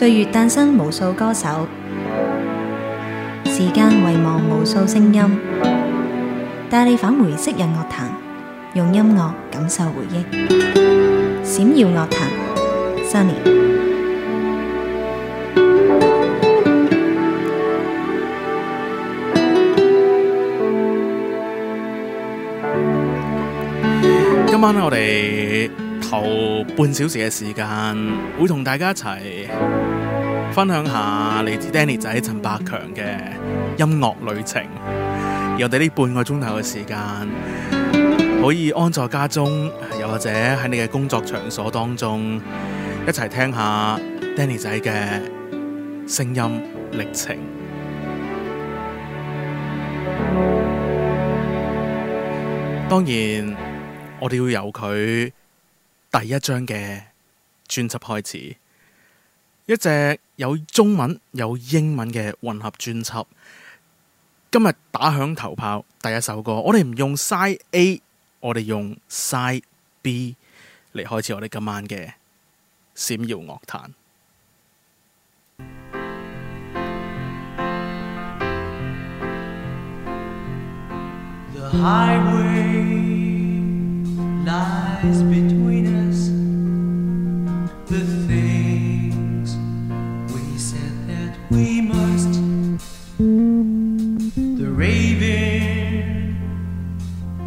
歲月誕生無數歌手，時間遺忘無數聲音。帶你返回昔日樂壇，用音樂感受回憶，閃耀樂壇。Sunny，今晚我哋頭半小時嘅時間會同大家一齊。分享下嚟自 Danny 仔陳百強嘅音樂旅程，我哋呢半個鐘頭嘅時間，可以安坐家中，又或者喺你嘅工作場所當中，一齊聽一下 Danny 仔嘅聲音歷程。當然，我哋要由佢第一張嘅專輯開始。一隻有中文有英文嘅混合專輯，今日打響頭炮第一首歌。我哋唔用 Side A，我哋用 Side B 嚟開始我哋今晚嘅閃耀樂壇。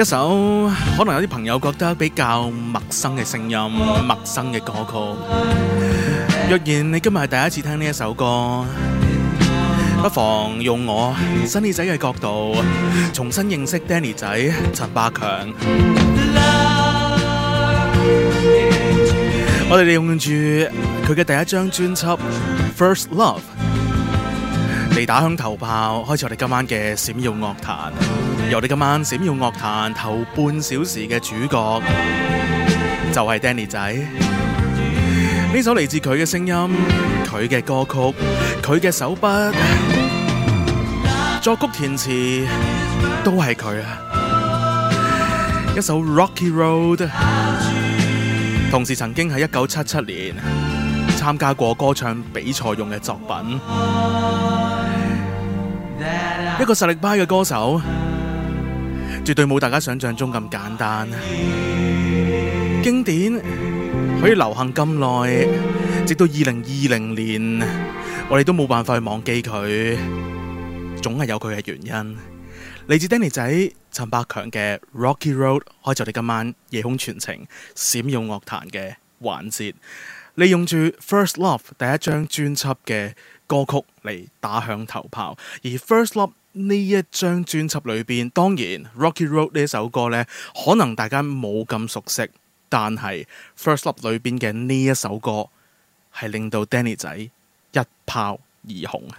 一首可能有啲朋友覺得比較陌生嘅聲音、陌生嘅歌曲。若然你今日係第一次聽呢一首歌，不妨用我新耳仔嘅角度重新認識 Danny 仔陳百強。Love, and 我哋利用住佢嘅第一張專輯《First Love》。被打響頭炮，開始我哋今晚嘅閃耀樂壇。由我哋今晚閃耀樂壇頭半小時嘅主角，就係 Danny 仔。呢首嚟自佢嘅聲音，佢嘅歌曲，佢嘅手筆，作曲填詞都係佢啊！一首 Rocky Road，同時曾經喺一九七七年參加過歌唱比賽用嘅作品。一個實力派嘅歌手，絕對冇大家想象中咁簡單。經典可以流行咁耐，直到二零二零年，我哋都冇辦法去忘記佢，總係有佢嘅原因。嚟自 Danny 仔陳百強嘅《Rocky Road》開咗我哋今晚夜空全程閃耀樂壇嘅環節，利用住《First Love》第一張專輯嘅歌曲嚟打響頭炮，而 First Love 呢一張專輯裏邊，當然 Rocky Road 呢首歌咧，可能大家冇咁熟悉，但係 First Love 裏邊嘅呢一首歌係令到 Danny 仔一炮而紅啊！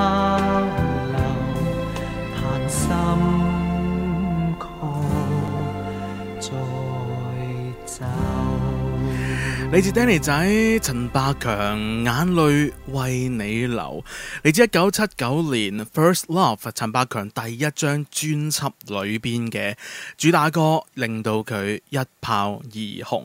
嚟自 Danny 仔陳百強眼淚為你流，嚟自一九七九年 First Love 陳百強第一張專輯裏邊嘅主打歌，令到佢一炮而紅。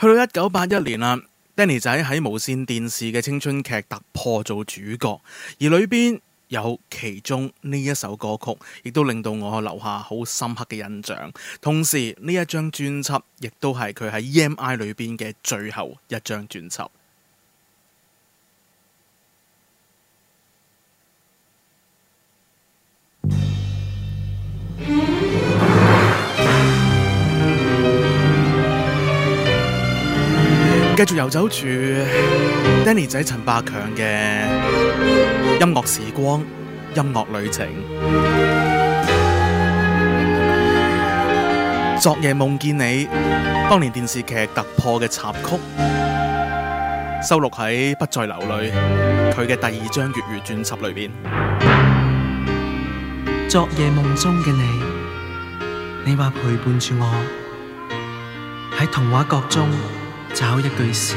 去到一九八一年啦，Danny 仔喺無綫電視嘅青春劇突破做主角，而裏邊。有其中呢一首歌曲，亦都令到我留下好深刻嘅印象。同時呢一張專輯亦都係佢喺 EMI 裏邊嘅最後一張專輯。嗯、繼續遊走住 Danny 仔陳百強嘅。音樂時光，音樂旅程。昨夜夢見你，當年電視劇突破嘅插曲，收錄喺《不再流淚》佢嘅第二張粵語專輯裏邊。昨夜夢中嘅你，你話陪伴住我，喺童話國中找一句詩。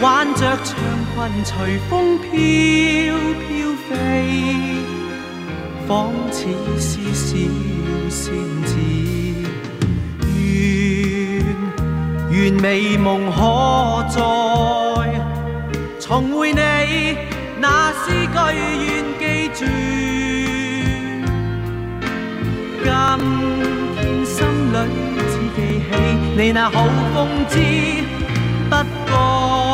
挽着長裙隨風飄飄飛，仿似是小仙子。願願美夢可再重回你，那詩句願記住。今天心裏只記起你那好風姿，不過。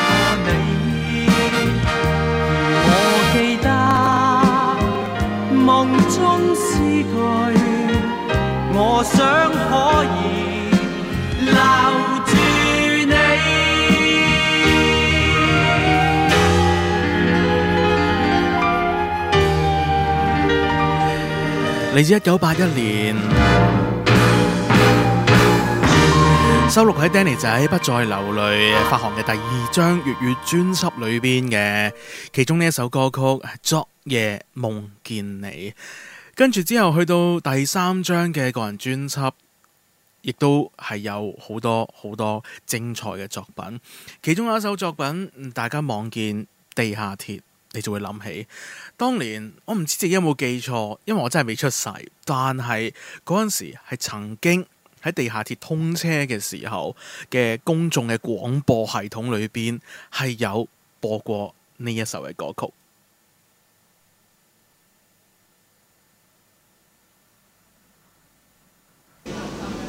我想可以留住你。嚟自一九八一年 收錄喺 Danny 仔不再流淚發行嘅第二張粵語專輯裏邊嘅，其中呢一首歌曲 昨夜夢見你。跟住之後去到第三張嘅個人專輯，亦都係有好多好多精彩嘅作品。其中有一首作品，大家望見地下鐵，你就會諗起當年。我唔知自己有冇記錯，因為我真係未出世。但係嗰陣時係曾經喺地下鐵通車嘅時候嘅公眾嘅廣播系統裏邊，係有播過呢一首嘅歌曲。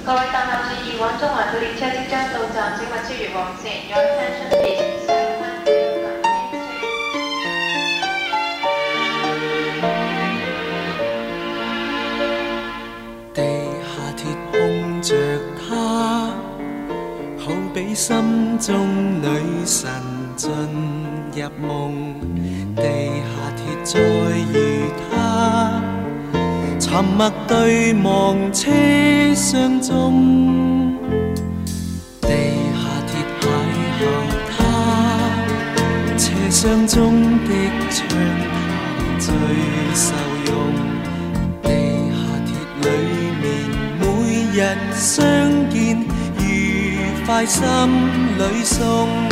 各位乘客注意，往中環的列車即將到站，請勿超越黃線。Your attention，提地下鐵碰着她，好比心中女神進。沉默，默對望車廂中，地下鐵邂逅他。車廂中的暢談最受用，地下鐵裏面每日相見，愉快心裏送。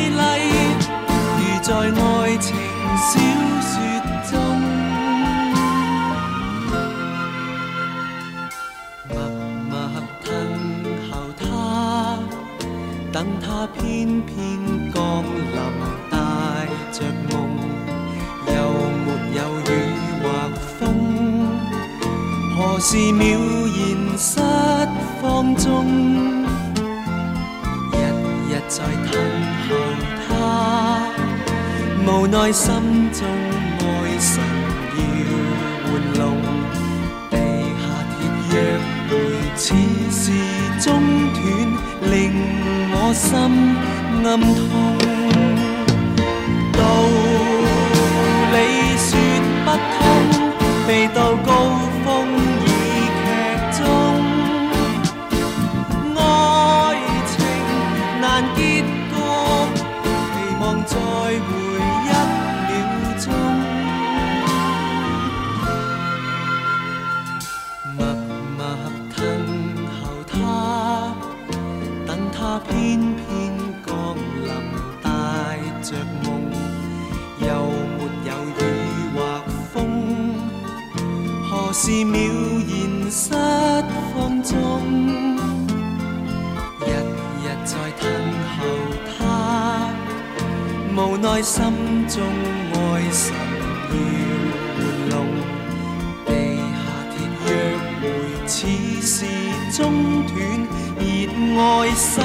中斷熱愛心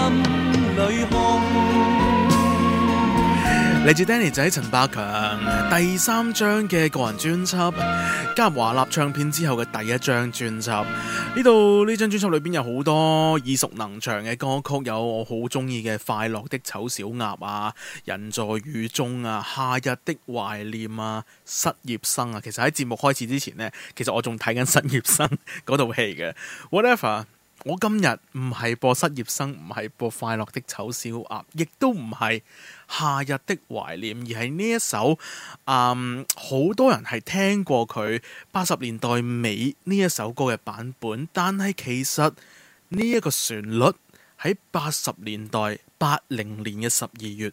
裏空，嚟自 Danny 仔陳百強第三張嘅個人專輯，加入華納唱片之後嘅第一張專輯。呢度呢張專輯裏邊有好多耳熟能詳嘅歌曲，有我好中意嘅《快樂的醜小鴨》啊，《人在雨中》啊，《夏日的懷念》啊，《失業生》啊。其實喺節目開始之前呢，其實我仲睇緊《失業生》嗰套戲嘅。Whatever。我今日唔係播《失業生》，唔係播《快樂的醜小鴨》，亦都唔係《夏日的懷念》，而係呢一首，嗯，好多人係聽過佢八十年代尾呢一首歌嘅版本。但係其實呢一個旋律喺八十年代八零年嘅十二月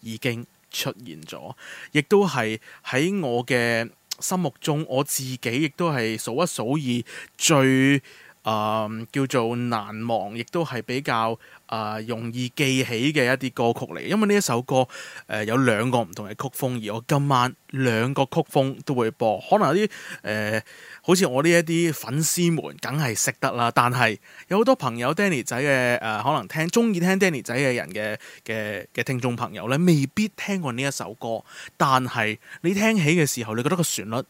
已經出現咗，亦都係喺我嘅心目中，我自己亦都係數一數二最。Um, 叫做難忘，亦都係比較、uh, 容易記起嘅一啲歌曲嚟。因為呢一首歌、呃、有兩個唔同嘅曲風，而我今晚兩個曲風都會播。可能有啲、呃、好似我呢一啲粉絲們，梗係識得啦。但係有好多朋友 Danny 仔嘅、呃、可能聽中意聽 Danny 仔嘅人嘅嘅嘅聽眾朋友咧，未必聽過呢一首歌。但係你聽起嘅時候，你覺得個旋律，誒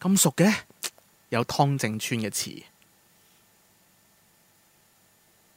咁熟嘅，有湯正川嘅詞。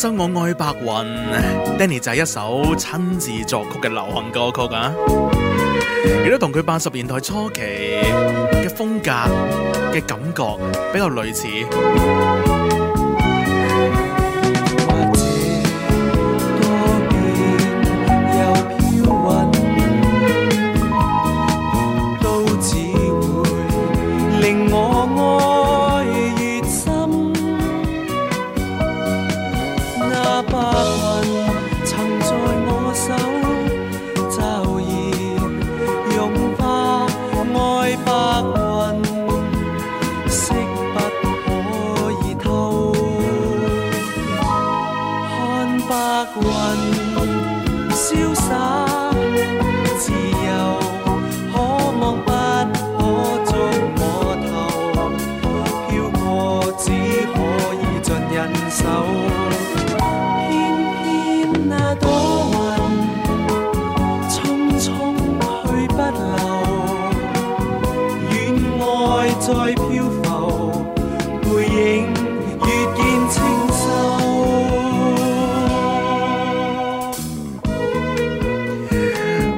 生我愛白雲，Danny 就係一首親自作曲嘅流行歌曲啊，亦都同佢八十年代初期嘅風格嘅感覺比較類似。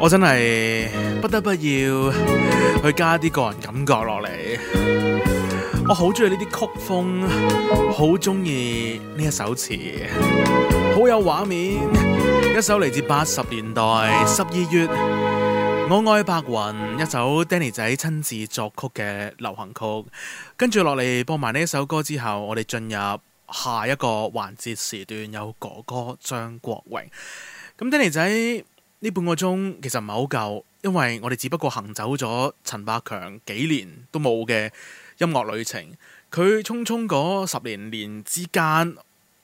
我真係不得不要去加啲個人感覺落嚟。我好中意呢啲曲風，好中意呢一首詞，好有畫面。一首嚟自八十年代十二月，我愛白雲，一首 Danny 仔親自作曲嘅流行曲。跟住落嚟播埋呢一首歌之後，我哋進入下一個環節時段，有哥哥張國榮。咁 Danny 仔。呢半個鐘其實唔係好夠，因為我哋只不過行走咗陳百強幾年都冇嘅音樂旅程。佢匆匆嗰十年年之間，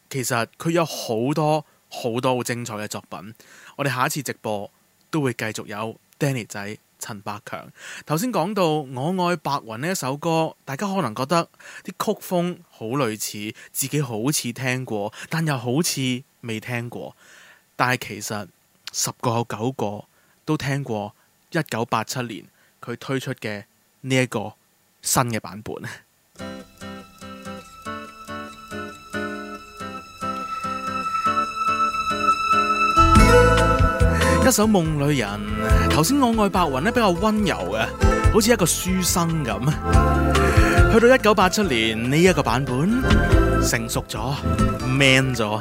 其實佢有好多好多好精彩嘅作品。我哋下一次直播都會繼續有 Danny 仔陳百強。頭先講到我愛白雲呢一首歌，大家可能覺得啲曲風好類似，自己好似聽過，但又好似未聽過。但係其實十個有九個都聽過一九八七年佢推出嘅呢一個新嘅版本。 一首《夢裏人》，頭先我愛白雲咧，比較溫柔嘅，好似一個書生咁。 去到一九八七年呢一個版本成熟咗，man 咗。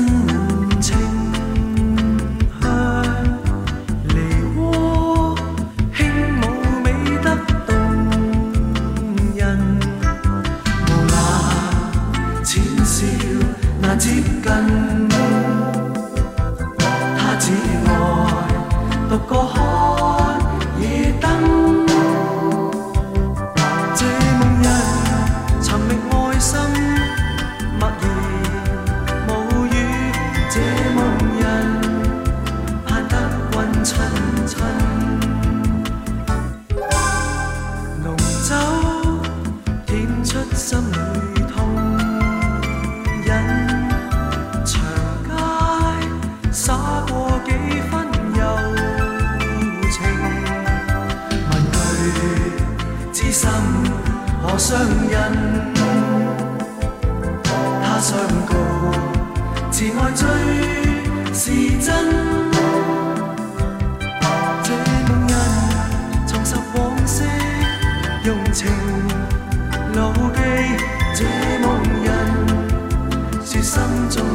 心中。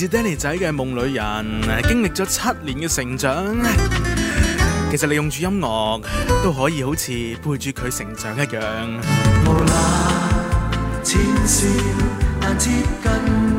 似 Danny 仔嘅夢裡人，經歷咗七年嘅成長，其實利用住音樂都可以好似背住佢成長一樣，無樣。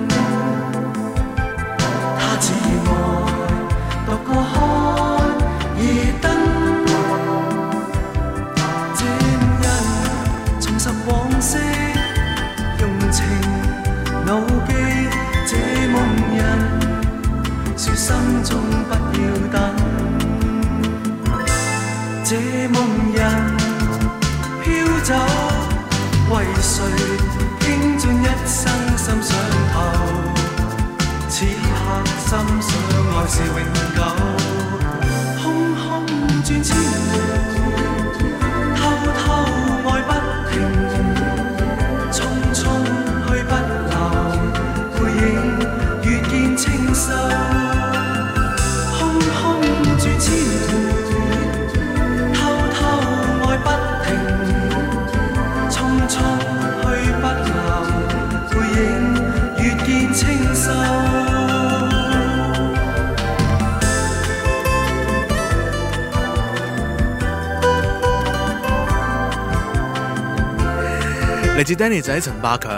是 Danny 仔、陳百強、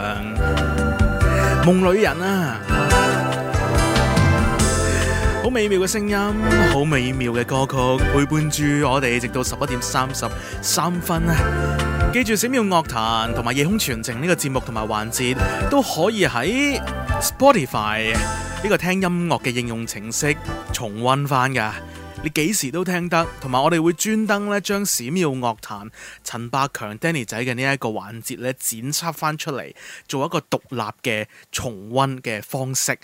夢裏人啊，好美妙嘅聲音，好美妙嘅歌曲，陪伴住我哋，直到十一點三十三分。啊。記住，閃耀樂壇同埋夜空傳情呢個節目同埋環節，都可以喺 Spotify 呢個聽音樂嘅應用程式重温返㗎。你幾時都聽得，同埋我哋會專登咧將閃耀樂壇陳百強 Danny 仔嘅呢一個環節咧剪輯翻出嚟，做一個獨立嘅重温嘅方式。